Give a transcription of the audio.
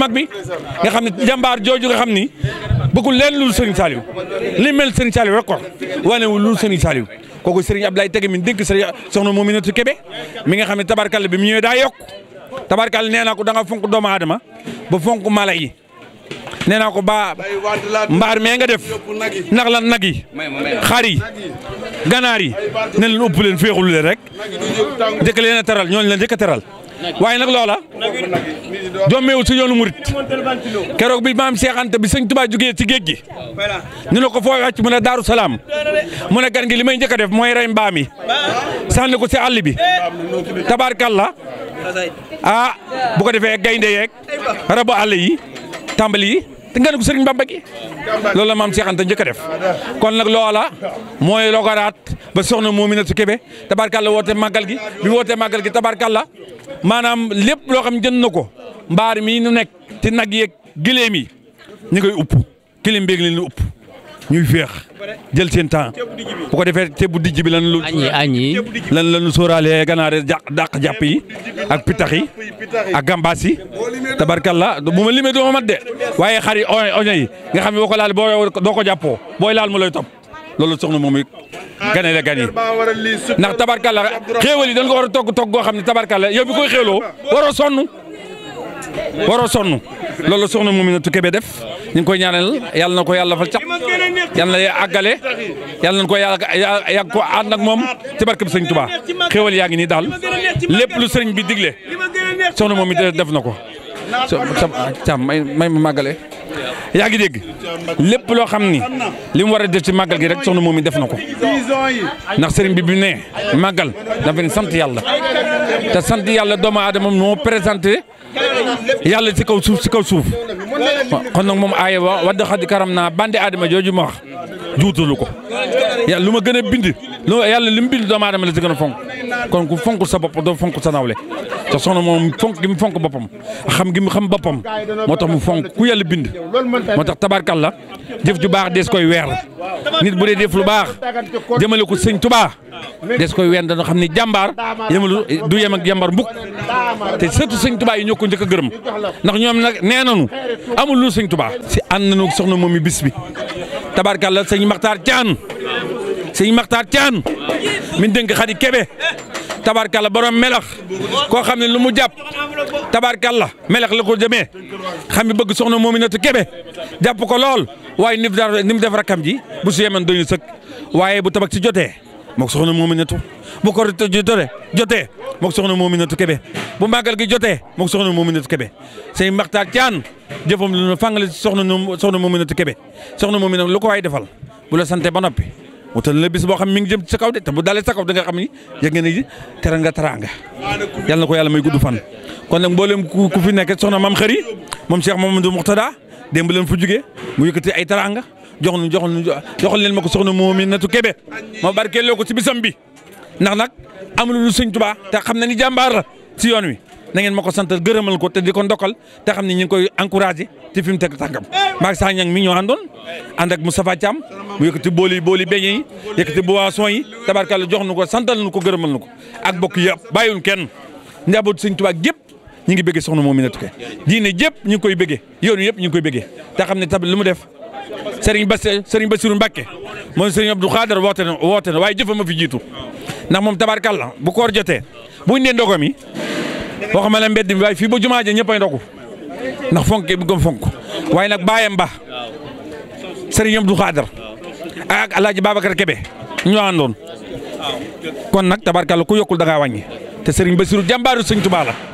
mag bi nga xam ne jàmbaar jooju nga xam ni bëggul leen lu Serigne Saliou li mel Serigne Saliou rek ko wane wu lu Serigne Saliou kooku Serigne Abdoulaye Tege mi dénk Serigne soxna Mouminatou Kébé mi nga xam ne tabarkalla bi mu ñëwee daa yokk tabarkalla nee naa ko da nga fonk doomu aadama ba fonk mala yi nee naa ko ba mbaar mee nga def ndax lan nag yi xar yi ganaar yi ne leen leen féexul leen rek njëkk leen a taral ñooñu la njëkk a taral waaye nag loola jommeewul si yoonu murit keroog bi maam Cheikh Anta bi sëñ Tuubaa jógee ci géej gi ñu ne ko foo wàcc mu ne Daaru Salaam mu ne gan gi li may njëkk a def mooy rey mbaam yi sànni ko si àll bi tabarkalla ah bu ko defee gaynde yeeg rabu àll yi tàmbali yi te nga ne ko la maam Cheikh Anta njëkk a def kon nag loola mooy logaraat ba soxna Mominatu Kébé tabaarkalla woote màggal gi bi woote màggal gi tabaarkalla maanaam lépp loo xam jënd na ko mbaar mii nu nekk ci nag yeeg gileem yi ñu koy upp gileem beeg leen di upp ñuy feex jël seen temps bu ko defee ceebu dijj bi lan lu. añ yi lan lañu sóoraale ganaare ja dàq jàpp yi ak pitax yi ak gambaas yi tabarkalla bu ma limee doo ma mat de waaye xar yi oño yi nga xam ne boo ko laal boo doo ko jàppoo booy laal mu lay topp. loolu soxna moom it gane la gan yi ndax tabarkalla xéewal yi dañ ko war a togg togg goo xam ne tabarkalla yow bi koy xéewloo waroo sonn waroo sonn loolu soxna moom it Kébé def ñu ngi koy ñaanal yàlla ko yàlla fal cap yàlla na àggale ko yàlla yàgg ko ànd ak moom ci barkeb sëñ Tuubaa xéewal yaa ngi nii daal lépp lu sëriñ bi digle soxna moom it def na ko. sa may ma màggale. yaa ngi dégg lépp loo xam ni li mu war a def ci màggal gi rek soxna moom mi def na ko ndax sëriñ bi bi ne màggal dafa ne sant yàlla te sant yàlla doomu aadama moo présenté yàlla ci kaw suuf ci kaw suuf kon nag moom aaya wa wadda xadi karam naa bandi aadama jooju ma wax juutalu ko lu ma gën a bind lu yàlla li mu bind doomu aadama la ci gën a fonk kon ku fonk sa bopp doo fonk sa naw le te soxna moom fonk gi mu fonk boppam xam gi mu xam boppam moo tax mu fonk ku yàlla bind moo tax tabarkalla jëf ju baax des koy weer nit bu dee def lu baax jëmale ko sëñ Tuubaa des koy weer dañoo xam ne jàmbaar yemalu du yem ak jàmbaar mbukk te surtout sëñ Tuubaa yi ñoo ko njëkk a gërëm ndax ñoom nag nee nañu amul lu sëñ Tuubaa si ànd nañu soxna moom i bisbi bi tabarkalla sëñ Maxtaar Caan sëñ Maxtaar Caan min dénk Xadi Kebe tabarkalla borom melax koo xam ne lu mu jàpp tabarkalla melax la ko jëmee xam ne bëgg soxna Mominatou Kébé jàpp ko lool waaye ni mu def ni mu def rakam ji bu si yemen doy na sëkk waaye bu tabax ci jotee mook soxna Mominatou bu ko jotee jotee mook soxna Mominatou Kébé bu màggal gi jotee mook soxna Mominatou Kébé sëñ Maxtaar Caan jëfam lu nu fàngale soxna soxna Mominatou Kébé soxna Mominatou lu ko waay defal bu la sante ba noppi mu toll la bis boo xam mi ngi jëm ci kaw de te bu dalee sa kaw da nga xam ni yëg nga ni teranga na ko yàlla may gudd fan. kon nag mboolem ku ku fi nekk soxna maam xëri moom Cheikh Mamadou Mouxtada démb leen fu jugee mu yëkkati ay teranga jox nu jox nu joxal leen ma ko soxna Mominatou Kébé ma barkeeloo ko ci bisam bi ndax nag amul lu sëñ Tuubaa te xam na ni jàmbaar la ci yoon wi. na ngeen ma ko santal gërëmal ko te di ko ndokal te xam ne ñu ngi koy encouragé te fi mu teg tànkam maag saa ñang mi ñoo mu yëkkati booli booli beñe yi yëkkati boisson yi tabarkàlla jox nu ko santal nu ko gërëmal nu ko ak bokk yëpp bàyyiwul kenn njaboot Sëñ Tuubaa gépp ñu ngi bëggee soxna Mouminatou Kebe diine jëpp ñu ngi koy bëggee yoonu yëpp ñu ngi koy bëggee te xam ne tamit lu mu def Serigne Bass Serigne Bassirou Mbacké moom Serigne Abdou Khadar woote na woote na waaye jëfam ma fi jiitu ndax moom tabarkàlla bu koor jotee waxuma la mbedd mi waaye fii ba jumaa ja ñëppay ndogu ndax fonk gi bëggam fonk waaye nag baayam ba sëriñ Abdou Khadar ak alaaji Babacar Kebe ñoo àndoon kon nag tabarkàlla ku yokkul da ngaa te te sëriñ Basiru jàmbaaru sëñ Tuubaa la